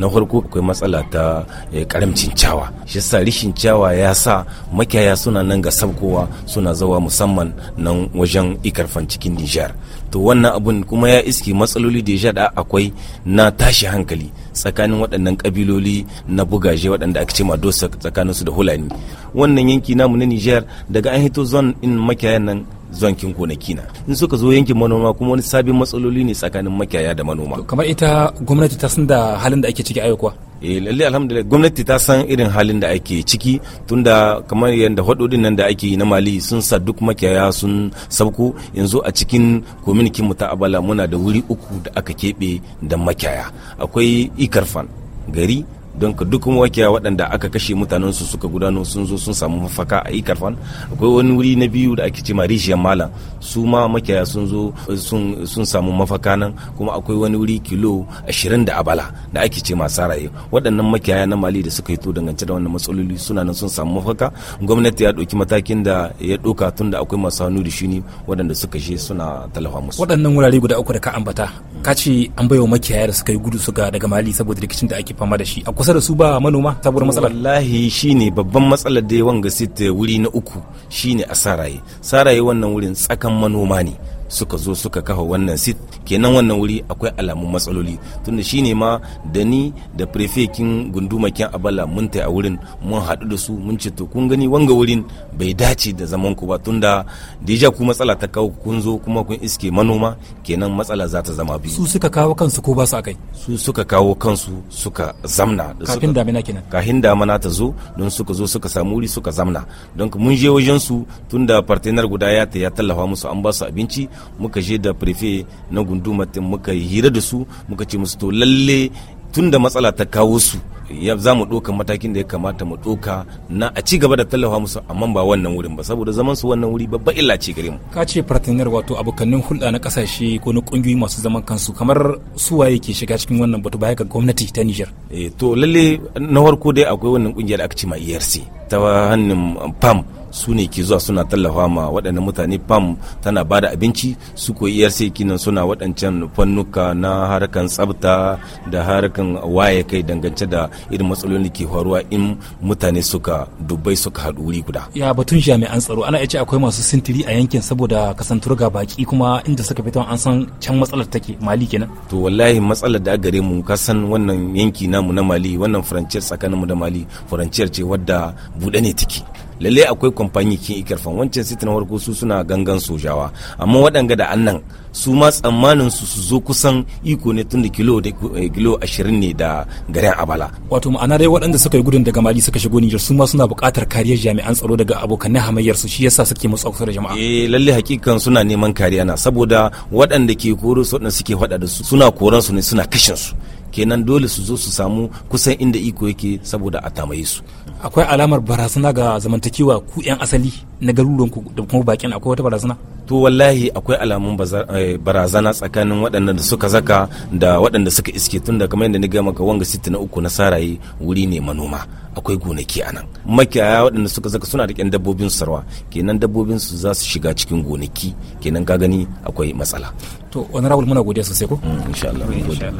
na farko akwai matsala ta karamcin eh, ciyawa shi sa rishin ciyawa ya sa makiyaya suna nan ga sabkowa suna zawa musamman nan wajen ikarfan cikin nijar to wannan abun kuma ya iski matsaloli da da akwai na tashi hankali tsakanin waɗannan kabiloli na bugaje waɗanda aka ce ma dosa tsakaninsu da hulani wannan yanki namu na nijar daga an hito zon in makiyayan nan zankin gonaki na in suka zo yankin manoma kuma wani sabin matsaloli ne tsakanin makiyaya da manoma kamar ita gwamnati ta san da halin da ake ciki ayo kuwa eh lalle alhamdulillah gwamnati ta san irin halin da ake ciki tunda kamar yadda hadodin nan da ake yi na mali sun sa duk makiyaya sun sabko yanzu a cikin community mu ta abala muna da wuri uku da aka kebe da makiyaya akwai ikarfan gari don ka duk wakiya waɗanda aka kashe mutanen su suka gudano sun zo sun samu mafaka a karfan akwai wani wuri na biyu da ake cema rijiyar mala su ma makiyaya sun zo sun samu mafaka nan kuma akwai wani wuri kilo ashirin da abala da ake cema saraye waɗannan makiyaya na mali da suka hito dangance da wannan matsaloli suna nan sun samu mafaka gwamnati ya ɗauki matakin da ya ɗauka tun da akwai masu hannu da shuni waɗanda suka je suna talafa musu waɗannan wurare guda uku da ka ambata ka ce an baiwa makiyaya da suka yi gudu suka daga mali saboda rikicin da ake fama da shi kusa da su ba manoma saboda matsalar wallahi shine babban matsalar da wanga sita wuri na uku shine a saraye saraye wannan wurin tsakan manoma ne suka zo suka kafa wannan sit kenan wannan wuri akwai alamun matsaloli tunda shine ma da ni da prefekin gundumakin abala mun tai a wurin mun haɗu da su mun ce to kun gani wanga wurin bai dace da zaman ku ba tunda deja ku matsala ta kawo kun zo kuma kun iske manoma kenan matsala za ta zama biyu su suka kawo kansu ko ba su akai su suka kawo kansu suka zamna kafin damina kenan kafin damina ta zo don suka zo suka samu wuri suka zamna don mun je wajen su tun da partenar guda ya ta ya tallafa musu an ba su abinci muka je da prefe na gundumatin muka hira da su muka ce musu to lalle tun da matsala ta kawo su za mu ɗauka matakin da ya kamata mu ɗauka na a ci gaba da tallafa musu amma ba wannan wurin ba saboda zaman su wannan wuri babba illa ce gare mu ka ce partner wato abokanin hulɗa na ƙasashe ko na ƙungiyoyi masu zaman kansu kamar su waye ke shiga cikin wannan batu baya ga gwamnati ta Niger eh to lalle na farko dai akwai wannan ƙungiyar da aka ce ma ERC ta hannun PAM um, su ne ke zuwa suna tallafa ma waɗannan mutane pam tana ba da abinci su koyi iyar e sai suna waɗancan fannuka na harkan tsabta da harkan waye kai dangance da irin matsalolin da ke faruwa in mutane suka dubbai suka haɗu wuri guda ya batun jami'an tsaro ana ce akwai masu sintiri a yankin saboda kasantar ga baki kuma inda suka fito an san can matsalar take mali kenan to wallahi matsalar da gare mu ka san wannan yanki namu na mali wannan furanciyar tsakaninmu da mali faranciyar ce wadda buɗe ne take lalle akwai kamfani kin ikirfan wancan sitin na farko su suna gangan sojawa amma waɗanga da annan su ma tsammanin su su zo kusan iko ne tun da kilo da eh, kilo 20 ne da garin abala wato ma'ana dai waɗanda suka yi gudun daga mali suka shigo Niger su ma suna buƙatar kariyar jami'an tsaro daga abokan hamayyar su shi yasa suke musu da jama'a eh lalle hakikan suna neman kariya na saboda waɗanda ke koro su waɗanda suke faɗa da su suna koran su ne suna kashin su kenan dole su zo su samu kusan inda iko yake saboda a tamaye su akwai alamar barazana ga zamantakewa ku yan asali na garuruwanku da kuma bakin akwai wata barazana to wallahi akwai alamun eh, barazana tsakanin waɗanda da suka zaka da waɗanda suka iske tun da kamar yadda na gama ga wanga siti na uku na saraye wuri ne manoma akwai gonaki a nan makiyaya waɗanda suka zaka suna da dabbobin sarwa kenan dabbobin su za su shiga cikin gonaki kenan ka gani akwai matsala to honorable muna godiya sosai ko mm, insha Allah